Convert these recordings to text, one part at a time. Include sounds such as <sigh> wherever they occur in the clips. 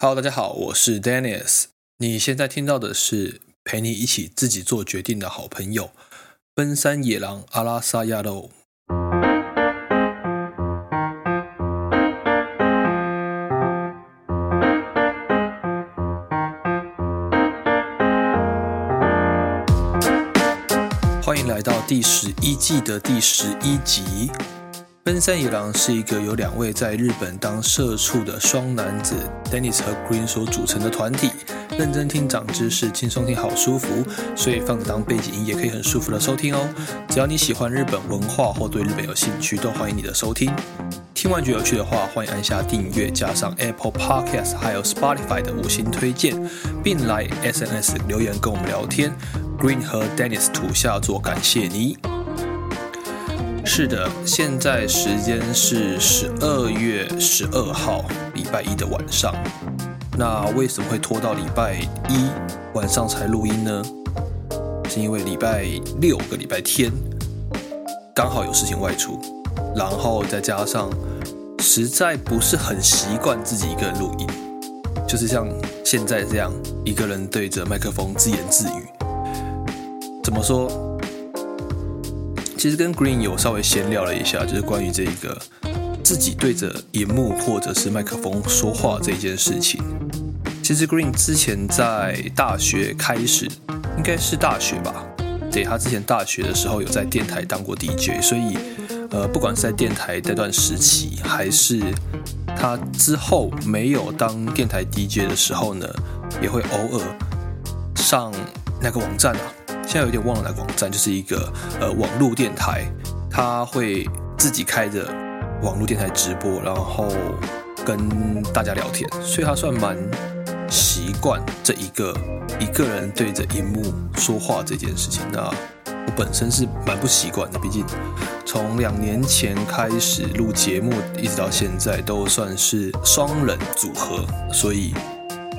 Hello，大家好，我是 Dennis。你現在聽到的是陪你一起自己做決定的好朋友——奔三野郎阿拉薩亞嘍，歡迎來到第十一季的第十一集。奔三野郎是一個由兩位在日本當社畜的雙男子，Dennis 和 Green 所組成的團體。認真聽長知識，輕鬆聽好舒服，所以放著當背景音也可以很舒服的收聽哦。只要你喜歡日本文化或對日本有興趣，都歡迎你的收聽。聽完覺得有趣的話，歡迎按下訂閱，加上 Apple Podcast 還有 Spotify 的五星推薦，並來 SNS 留言跟我們聊天。Green 和 Dennis 土下座，感謝你。是的，現在時間是十二月十二號禮拜一的晚上。那為什麼會拖到禮拜一晚上才錄音呢？是因為禮拜六和禮拜天剛好有事情外出，然後再加上實在不是很習慣自己一個人錄音，就是像現在這樣一個人對着麥克風自言自語。怎麼說？其實跟 Green 有稍微閒聊了一下，就是關於這個自己對着熒幕或者是麥克風說話這件事情。其實 Green 之前在大學開始，應該是大學吧？對，他之前大學的時候有在電台當過 DJ，所以呃，不管是在電台那段時期，還是他之後沒有當電台 DJ 的時候呢，也會偶爾上那個網站啊。現在有點忘了來，那網站就是一個呃網絡電台，他會自己開着網絡電台直播，然後跟大家聊天，所以他算蠻習慣這一個一個人對着熒幕說話這件事情。那我本身是蠻不習慣的，畢竟從兩年前開始錄節目，一直到現在都算是雙人組合，所以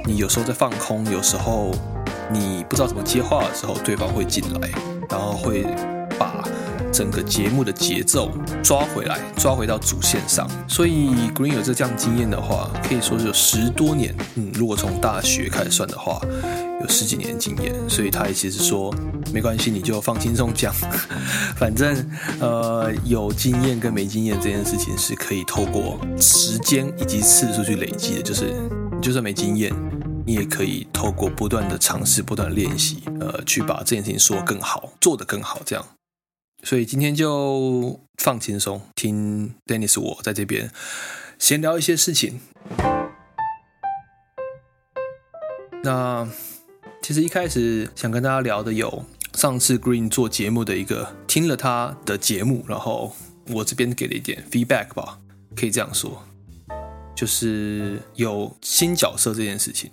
你有時候在放空，有時候。你不知道怎麼接話的時候，對方會進來，然後會把整個節目的節奏抓回來，抓回到主線上。所以古令有這這樣的經驗的話，可以說是有十多年，嗯，如果從大學開始算的話，有十幾年的經驗。所以他也其實說，沒關係，你就放輕鬆講，反正呃，有經驗跟沒經驗這件事情是可以透過時間以及次數去累積的，就是你就算沒經驗。你也可以透過不斷的嘗試、不斷練習，呃，去把這件事情說更好、做得更好，這樣。所以今天就放輕鬆，聽 Dennis，我在這邊閒聊一些事情。那其實一開始想跟大家聊的有上次古令做節目的一個，聽了他的節目，然後我這邊給了一點 feedback 吧，可以這樣說。就是有新角色這件事情。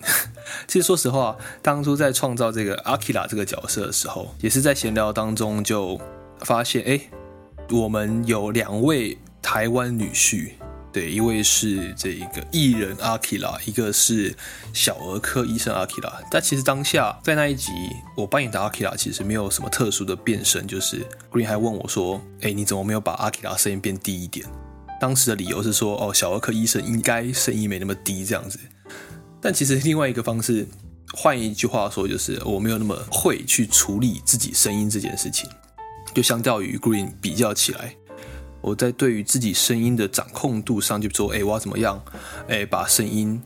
其實說實話，當初在創造這個阿基拉這個角色的時候，也是在閒聊當中就發現，哎，我們有兩位台灣女婿，對，一位是這個藝人阿基拉，一個是小兒科醫生阿基拉。但其實當下在那一集我扮演的阿基拉其實沒有什麼特殊的變身，就是 Green 還問我說，哎，你怎麼沒有把阿基拉聲音變低一點？當時的理由是說，哦，小兒科醫生應該聲音沒那麼低這樣子。但其實另外一個方式，換一句話說，就是我沒有那麼會去處理自己聲音這件事情。就相較於 Green 比較起來，我在對於自己聲音的掌控度上，就說，哎，我要怎麼樣，哎，把聲音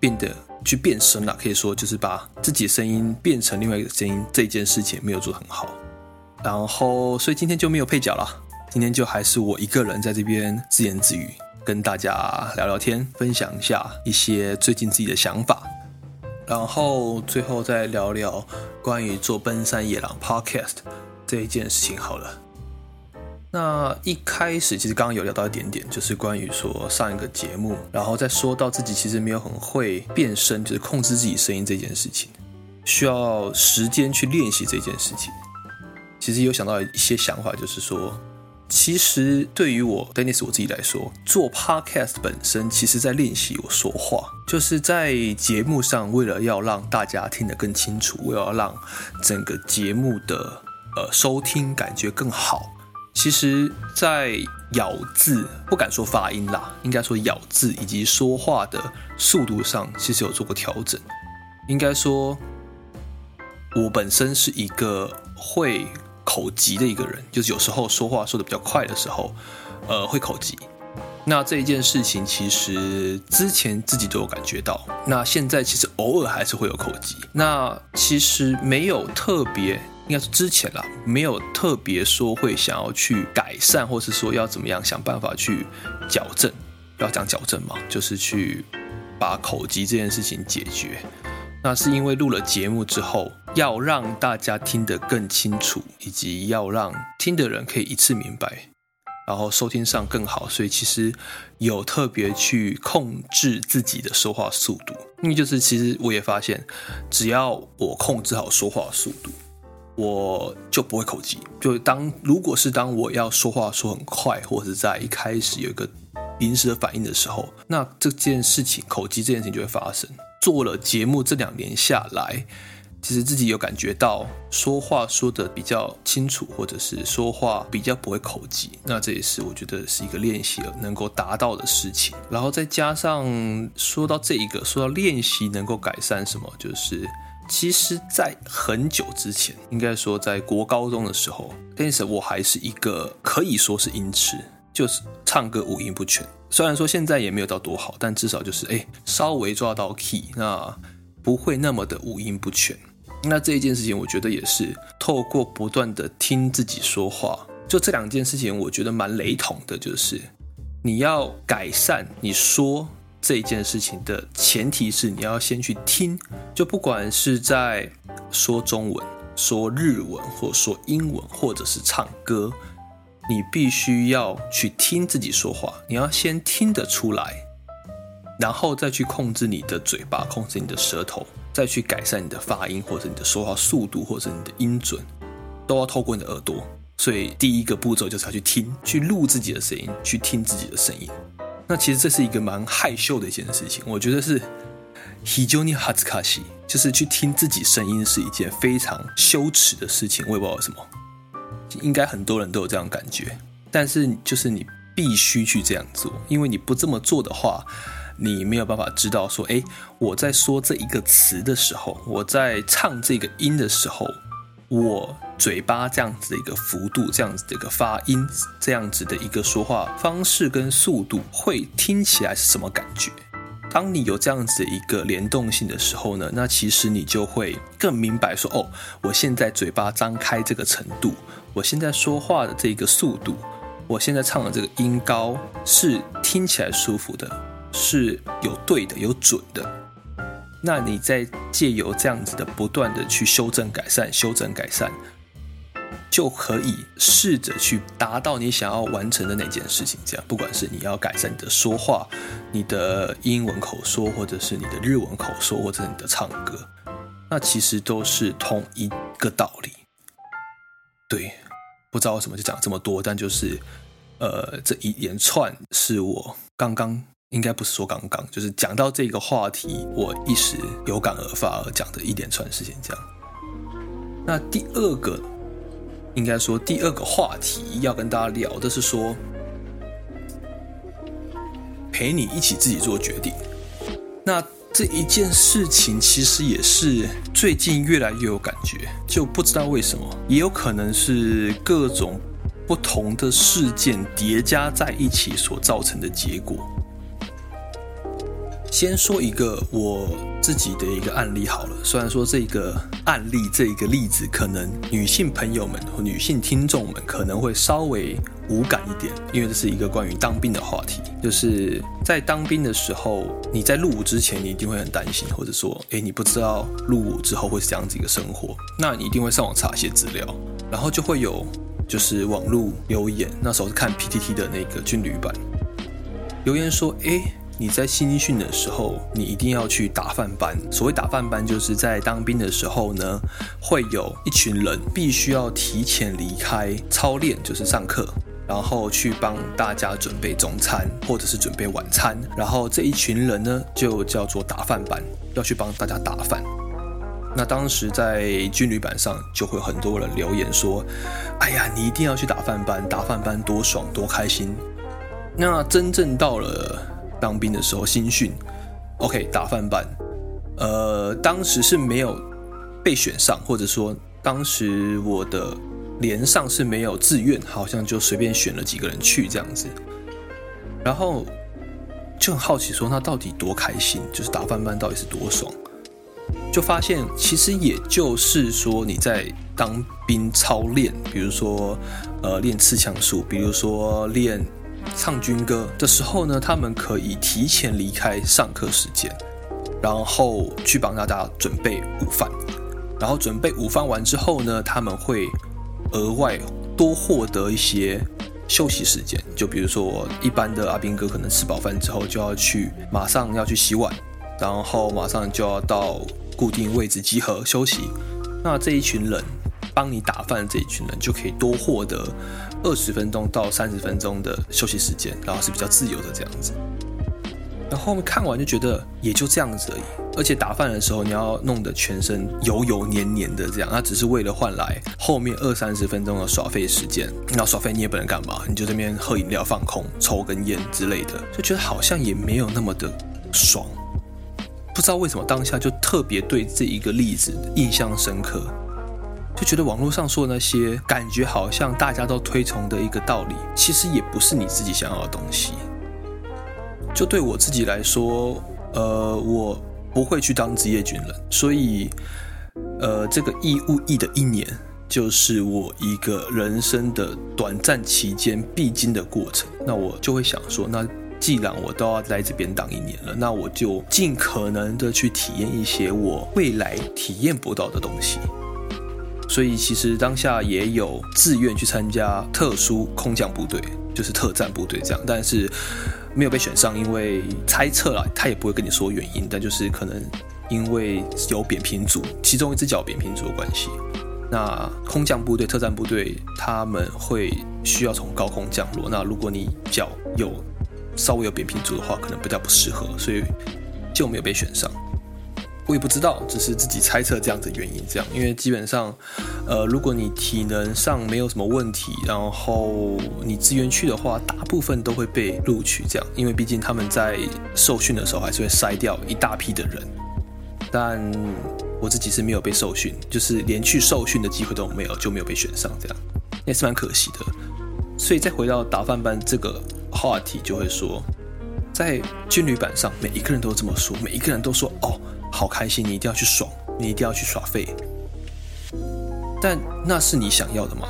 變得去變聲了，可以說就是把自己聲音變成另外一個聲音這件事情沒有做很好。然後，所以今天就沒有配角了。今天就還是我一個人在這邊自言自語，跟大家聊聊天，分享一下一些最近自己的想法，然後最後再聊聊關於做《奔三野郎》Podcast 這一件事情。好了，那一開始其實剛剛有聊到一點點，就是關於說上一個節目，然後再說到自己其實沒有很會變聲，就是控制自己聲音這件事情，需要時間去練習這件事情。其實有想到一些想法，就是說。其實對於我，Dennis 我自己來說，做 Podcast 本身，其實在練習我說話，就是在節目上，為了要讓大家聽得更清楚，為了要讓整個節目的呃收聽感覺更好。其實在咬字，不敢說發音啦，應該說咬字以及說話的速度上，其實有做過調整。應該說，我本身是一個會。口吃的一個人，就是有時候說話說得比較快的時候，呃，會口吃。那這一件事情，其實之前自己都有感覺到，那現在其實偶爾還是會有口吃。那其實沒有特別，應該是之前啦，沒有特別說會想要去改善，或是說要怎麼樣想辦法去矯正，要講矯正嘛，就是去把口吃這件事情解決。那是因為錄了節目之後。要讓大家聽得更清楚，以及要讓聽的人可以一次明白，然後收聽上更好。所以其實有特別去控制自己的說話速度，因為就是其實我也發現，只要我控制好說話速度，我就不會口吃。就當如果是當我要說話說很快，或是在一開始有一個臨時的反應的時候，那這件事情口吃這件事情就會發生。做了節目這兩年下來。其實自己有感覺到說話說得比較清楚，或者是說話比較不會口吃，那這也是我覺得是一個練習能夠達到的事情。然後再加上說到這一個，說到練習能夠改善什麼，就是其實，在很久之前，應該說在國高中的時候，但是 <noise> 我還是一個可以說是音痴，就是唱歌五音不全。雖然說現在也沒有到多好，但至少就是哎，稍微抓到 key。那不會那麼的五音不全。那這一件事情，我覺得也是透過不斷的聽自己說話。就這兩件事情，我覺得蠻雷同的，就是你要改善你說這件事情的前提是，你要先去聽。就不管是在說中文、說日文，或者說英文，或者是唱歌，你必須要去聽自己說話，你要先聽得出來。然後再去控制你的嘴巴，控制你的舌頭，再去改善你的發音，或者你的說話速度，或者你的音準，都要透過你的耳朵。所以第一個步驟就是要去聽，去錄自己的聲音，去聽自己的聲音。那其實這是一個蠻害羞的一件事情。我覺得是非常に恥ずかしい。就是去聽自己聲音是一件非常羞恥的事情。我也不知道什麼，應該很多人都有這樣的感覺。但是就是你必須去這樣做，因為你不這麼做的話。你沒有辦法知道說，誒，我在說這一個詞的時候，我在唱這個音的時候，我嘴巴這樣子的一個幅度，這樣子的一個發音，這樣子的一個說話方式跟速度，會聽起來是什麼感覺？當你有這樣子的一個聯動性的時候呢，那其實你就會更明白說，哦，我現在嘴巴張開這個程度，我現在說話的這個速度，我現在唱的這個音高是聽起來舒服的。是有對的，有準的。那你在借由這樣子的不斷的去修正、改善、修正、改善，就可以試着去達到你想要完成的那件事情。這樣，不管是你要改善你的說話、你的英文口說，或者是你的日文口說，或者你的唱歌，那其實都是同一個道理。對，不知道為什麼就講這麼多，但就是，呃，這一連串是我剛剛。應該不是說剛剛，就是講到這個話題，我一時有感而發而講的一連串事情這樣。那第二個，應該說第二個話題要跟大家聊的是說，陪你一起自己做決定。那這一件事情其實也是最近越來越有感覺，就不知道為什麼，也有可能是各種不同的事件疊加在一起所造成的結果。先說一個我自己的一個案例好了，雖然說這個案例、這個例子，可能女性朋友們或女性聽眾們可能會稍微無感一點，因為這是一個關於當兵的話題。就是在當兵的時候，你在入伍之前，你一定會很擔心，或者說，哎，你不知道入伍之後會是這樣子一個生活。那你一定會上網查一些資料，然後就會有就是網路留言，那時候是看 PTT 的那個軍旅版，留言說，哎。你在新訓的時候，你一定要去打飯班。所謂打飯班，就是在當兵的時候呢，會有一群人必須要提前離開操練，就是上課，然後去幫大家準備中餐或者是準備晚餐。然後這一群人呢，就叫做打飯班，要去幫大家打飯。那當時在軍旅板上就會很多人留言說：“哎呀，你一定要去打飯班，打飯班多爽多開心。”那真正到了。當兵的時候，新訓，OK，打飯班，呃，當時是沒有被選上，或者說當時我的連上是沒有自願，好像就隨便選了幾個人去這樣子。然後就很好奇，說那到底多開心？就是打飯班到底是多爽？就發現其實也就是說你在當兵操練，比如說呃練刺槍術，比如說練。唱軍歌的時候呢，他們可以提前離開上課時間，然後去幫大家準備午飯。然後準備午飯完之後呢，他們會額外多獲得一些休息時間。就比如說，一般的阿兵哥可能吃飽飯之後就要去馬上要去洗碗，然後馬上就要到固定位置集合休息。那這一群人幫你打飯的這一群人就可以多獲得。二十分鐘到三十分鐘的休息時間，然後是比較自由的這樣子。然後看完就覺得也就這樣子而已。而且打飯的時候你要弄得全身油油黏黏的這樣，那只是為了換來後面二三十分鐘的耍廢時間。然後耍廢你也不能幹嘛，你就這邊喝飲料放空、抽根菸之類的，就覺得好像也沒有那麼的爽。不知道為什麼當下就特別對這一個例子印象深刻。就覺得網絡上說的那些，感覺好像大家都推崇的一個道理，其實也不是你自己想要的東西。就對我自己來說，呃，我不會去當職業軍人，所以，呃，這個義務役的一年，就是我一個人生的短暫期間必經的過程。那我就會想說，那既然我都要來這邊當一年了，那我就盡可能的去體驗一些我未來體驗不到的東西。所以其實當下也有自願去參加特殊空降部隊，就是特戰部隊這樣，但是沒有被選上。因為猜測啦，他也不會跟你說原因，但就是可能因為有扁平足，其中一隻腳扁平足的關係。那空降部隊、特戰部隊，他們會需要從高空降落，那如果你腳有稍微有扁平足的話，可能比較不適合，所以就沒有被選上。我也不知道，只、就是自己猜測這樣子的原因。這樣，因為基本上，呃，如果你體能上沒有什麼問題，然後你自願去的話，大部分都會被錄取。這樣，因為畢竟他們在受訓的時候還是會篩掉一大批的人。但我自己是沒有被受訓，就是連去受訓的機會都沒有，就沒有被選上。這樣也是蠻可惜的。所以再回到打飯班這個話題，就會說，在軍旅版上，每一個人都這麼說，每一個人都說哦。好開心！你一定要去爽，你一定要去耍廢。但那是你想要的嗎？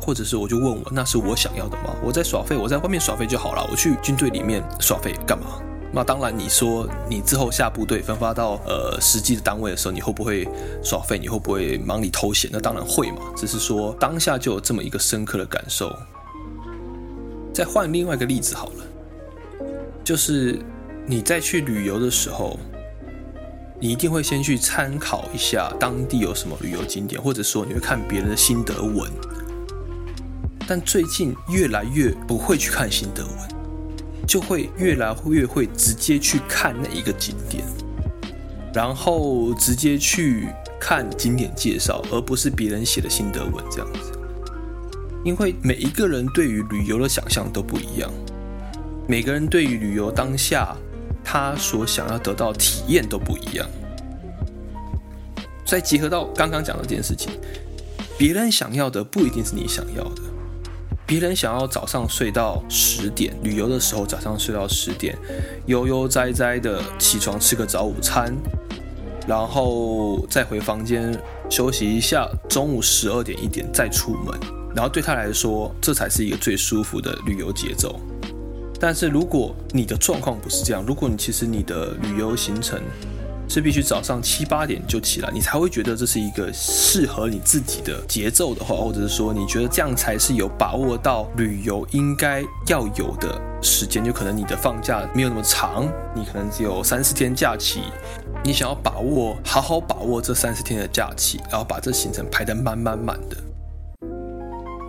或者是我就問我，那是我想要的嗎？我在耍廢，我在外面耍廢就好了。我去軍隊裡面耍廢幹嘛？那當然，你說你之後下部隊分發到呃實際的單位的時候，你會不會耍廢？你會不會忙裡偷閒？那當然會嘛。只是說當下就有這麼一個深刻的感受。再換另外一個例子好了，就是你在去旅遊的時候。你一定會先去參考一下當地有什麼旅遊景點，或者說你會看別人的心得文。但最近越來越不會去看心得文，就會越來越會直接去看那一個景點，然後直接去看景點介紹，而不是別人寫的心得文這樣子。因為每一個人對於旅遊的想象都不一樣，每個人對於旅遊當下，他所想要得到體驗都不一樣，再結合到剛剛講的這件事情。別人想要的不一定是你想要的。別人想要早上睡到十點，旅遊的時候早上睡到十點，悠悠哉哉的起床吃個早午餐，然後再回房間休息一下，中午十二點一點再出門，然後對他來說，這才是一個最舒服的旅遊節奏。但是如果你的狀況不是這樣，如果你其實你的旅遊行程是必須早上七八點就起來，你才會覺得這是一個適合你自己的節奏的話，或者是說你覺得這樣才是有把握到旅遊應該要有的時間，就可能你的放假沒有那麼長，你可能只有三四天假期，你想要把握，好好把握這三四天的假期，然後把這行程排得滿滿滿滿的。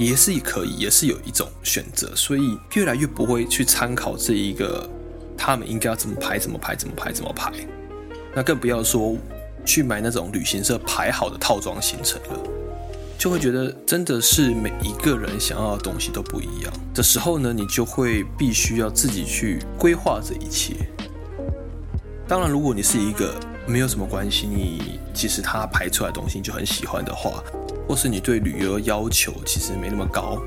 也是也可以，也是有一種選擇，所以越來越不會去參考這一個，他們應該要怎麼排，怎麼排，怎麼排，怎麼排，那更不要說去買那種旅行社排好的套裝行程了，就會覺得真的是每一個人想要的東西都不一樣的時候呢，你就會必須要自己去規劃這一切。當然，如果你是一個沒有什麼關係，你其實他排出來的東西你就很喜歡的話。或是你對旅遊要求其實沒那麼高，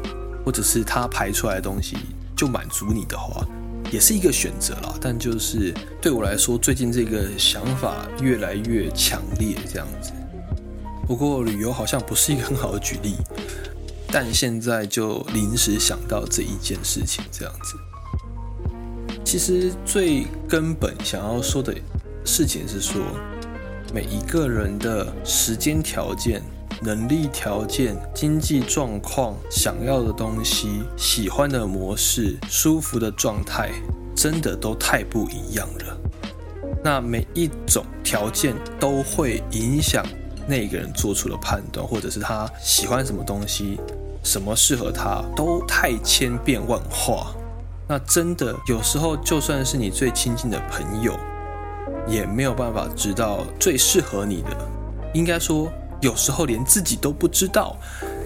或者是他排出來的東西就滿足你的話，也是一個選擇啦。但就是對我來說，最近這個想法越來越強烈，這樣子。不過旅遊好像不是一個很好的舉例，但現在就臨時想到這一件事情，這樣子。其實最根本想要說的事情是說，每一個人的時間條件。能力條件、經濟狀況、想要的東西、喜歡的模式、舒服的狀態，真的都太不一樣了。那每一種條件都會影響那個人做出的判斷，或者是他喜歡什麼東西，什麼適合他，都太千變萬化。那真的有時候，就算是你最親近的朋友，也沒有辦法知道最適合你的。應該說。有時候連自己都不知道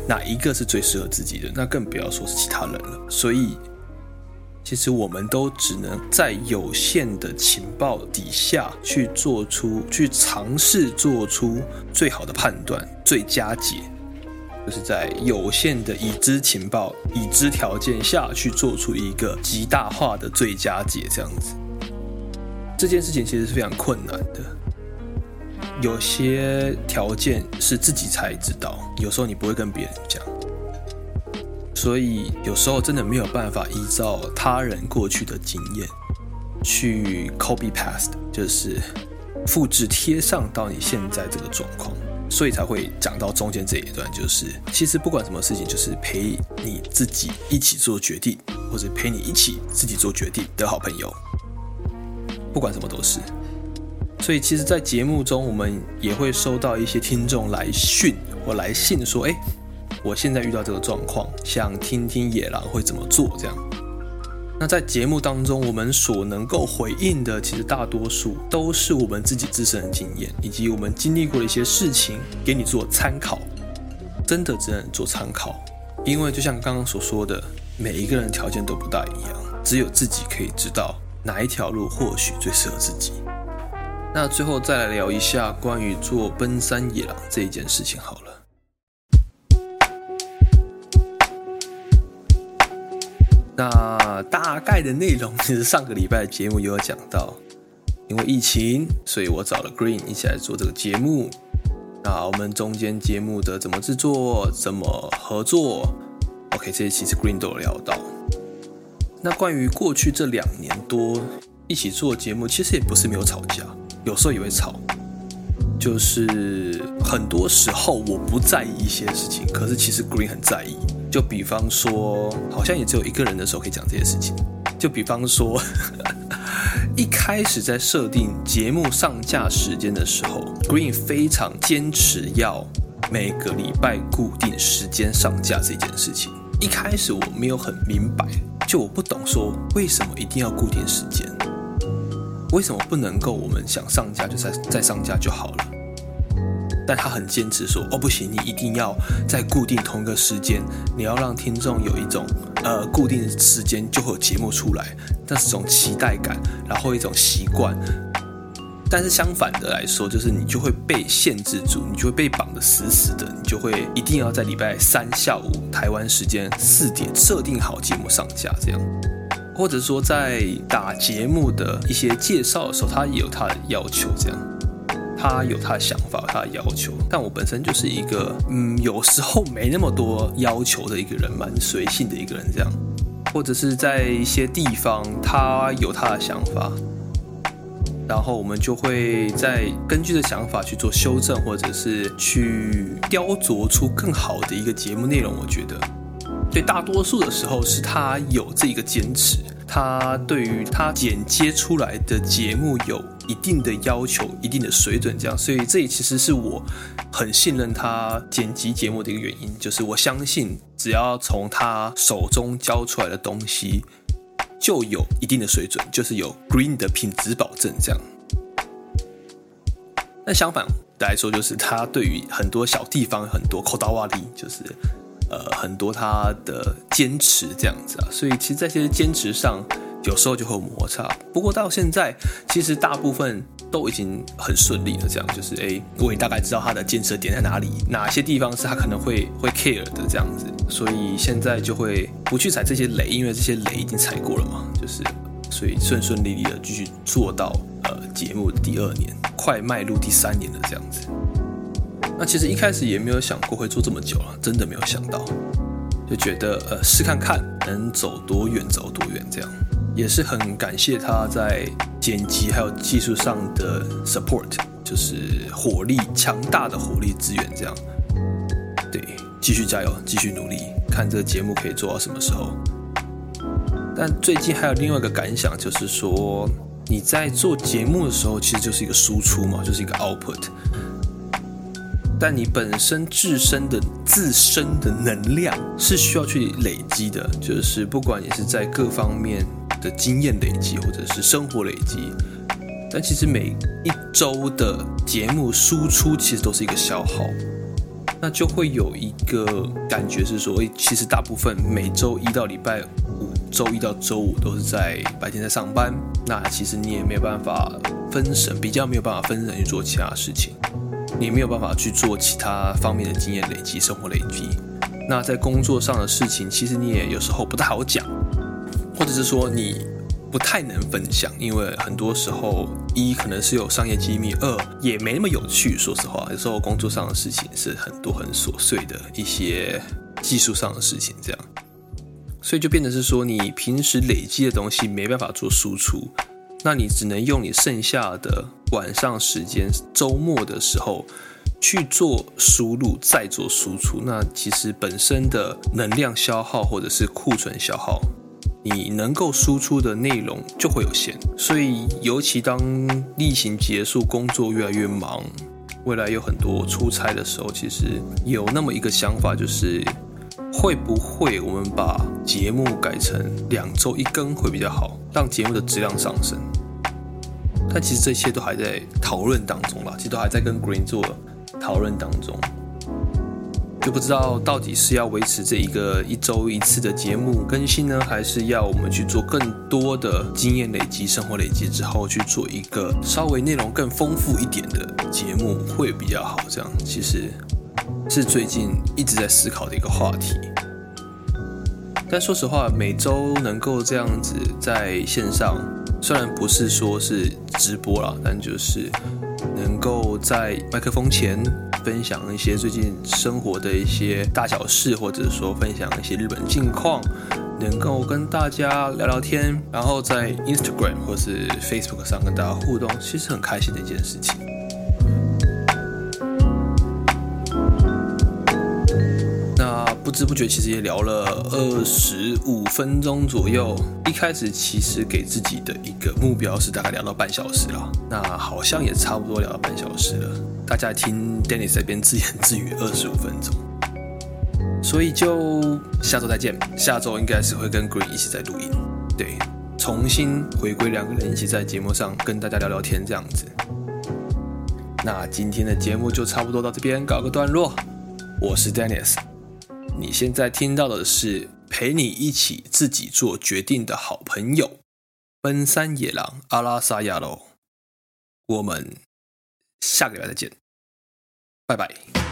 哪一個是最適合自己的，那更不要說是其他人了。所以，其實我們都只能在有限的情報底下去做出、去嘗試做出最好的判斷、最佳解，就是在有限的已知情報、已知條件下去做出一個極大化的最佳解。這樣子，這件事情其實是非常困難的。有些條件是自己才知道，有時候你不會跟別人講，所以有時候真的沒有辦法依照他人過去的經驗去 copy paste，就是複製貼上到你現在這個狀況，所以才會講到中間這一段，就是其實不管什麼事情，就是陪你自己一起做決定，或者陪你一起自己做決定的好朋友，不管什麼都是。所以，其實，在節目中，我們也會收到一些聽眾來訊或來信，說：“哎，我現在遇到這個狀況，想聽聽野郎會怎麼做。”這樣。那在節目當中，我們所能夠回應的，其實大多數都是我們自己自身的經驗，以及我們經歷過的一些事情，給你做參考。真的只能做參考，因為就像剛剛所說的，每一個人的條件都不大一樣，只有自己可以知道哪一條路或許最適合自己。那最後再來聊一下關於做奔三野郎這一件事情好了。那大概的內容其實上個禮拜節目也有講到，因為疫情，所以我找了古令一起來做這個節目。那我們中間節目的怎麼製作，怎麼合作，OK，這些其實古令都有聊到。那關於過去這兩年多一起做節目，其實也不是沒有吵架。有時候也會吵，就是很多時候我不在意一些事情，可是其實 Green 很在意。就比方說，好像也只有一個人的時候可以講這些事情。就比方說，一開始在設定節目上架時間的時候，Green 非常堅持要每個禮拜固定時間上架這件事情。一開始我沒有很明白，就我不懂說為什麼一定要固定時間。為什麼不能夠我們想上架就再再上架就好了？但他很堅持說，哦不行，你一定要在固定同一個時間，你要讓聽眾有一種呃固定的時間就會有節目出來，那是一種期待感，然後一種習慣。但是相反的來說，就是你就會被限制住，你就會被綁得死死的，你就會一定要在禮拜三下午台灣時間四點設定好節目上架這樣。或者說，在打節目的一些介紹的時候，他也有他的要求，這樣，他有他的想法，他的要求。但我本身就是一個，嗯，有時候沒那麼多要求的一個人，蠻隨性的一個人，這樣。或者是在一些地方，他有他的想法，然後我們就會再根據這想法去做修正，或者是去雕琢出更好的一個節目內容，我覺得。所以大多數的時候是他有這一個堅持，他對於他剪接出來的節目有一定的要求、一定的水準，這樣。所以這其實是我很信任他剪輯節目的一個原因，就是我相信只要從他手中交出來的東西就有一定的水準，就是有 Green 的品質保證這樣。那相反來說，就是他對於很多小地方、很多摳大瓦礫，就是。呃，很多他的堅持這樣子，啊。所以其實在這些堅持上有時候就會有摩擦。不過到現在，其實大部分都已經很順利了。這樣就是，哎、欸，我已大概知道他的堅持的點在哪裡，哪些地方是他可能會會 care 的這樣子。所以現在就會不去踩這些雷，因為這些雷已經踩過了嘛。就是，所以順順利利的繼續做到呃節目第二年，快邁入第三年的這樣子。那其實一開始也沒有想過會做這麼久了，真的沒有想到，就覺得呃試看看能走多遠走多遠這樣，也是很感謝他在剪輯還有技術上的 support，就是火力強大的火力支援這樣，對，繼續加油，繼續努力，看這個節目可以做到什麼時候。但最近還有另外一個感想，就是說你在做節目的時候，其實就是一個輸出嘛，就是一個 output。但你本身自身的自身的能量是需要去累積的，就是不管你是在各方面的經驗累積，或者是生活累積。但其實每一周的節目輸出其實都是一個消耗，那就會有一個感覺是說，誒，其實大部分每周一到禮拜五，周一到周五都是在白天在上班，那其實你也沒有辦法分神，比較沒有辦法分神去做其他事情。你沒有辦法去做其他方面的經驗累積、生活累積。那在工作上的事情，其實你也有時候不太好講，或者是說你不太能分享，因為很多時候，一可能是有商業機密，二也沒那麼有趣。說實話，有時候工作上的事情是很多很瑣碎的一些技術上的事情，這樣，所以就變成是說，你平時累積的東西沒辦法做輸出。那你只能用你剩下的晚上時間、週末的時候去做輸入，再做輸出。那其實本身的能量消耗或者是庫存消耗，你能夠輸出的內容就會有限。所以，尤其當疫情結束、工作越來越忙，未來有很多出差的時候，其實有那麼一個想法就是。會不會我們把節目改成兩周一更會比較好，讓節目的質量上升？但其實這些都還在討論當中啦，其實都還在跟 Green 做討論當中，就不知道到底是要維持這一個一周一次的節目更新呢，還是要我們去做更多的經驗累積、生活累積之後去做一個稍微內容更豐富一點的節目會比較好？這樣其實。是最近一直在思考的一個話題，但說實話，每周能夠這樣子在線上，雖然不是說是直播啦，但就是能夠在麥克風前分享一些最近生活的一些大小事，或者說分享一些日本近況，能夠跟大家聊聊天，然後在 Instagram 或是 Facebook 上跟大家互動，其實很開心的一件事情。不知不覺，其實也聊了二十五分鐘左右。一開始其實給自己的一個目標是大概聊到半小時啦，那好像也差不多聊到半小時了。大家聽 Dennis 這邊自言自語二十五分鐘，所以就下周再見。下周應該是會跟 Green 一起再錄音，對，重新回歸兩個人一起在節目上跟大家聊聊天這樣子。那今天的節目就差不多到這邊告個段落，我是 Dennis。你現在聽到的是陪你一起自己做決定的好朋友，奔三野郎阿拉薩亞嘍，我們下個禮拜再見，拜拜。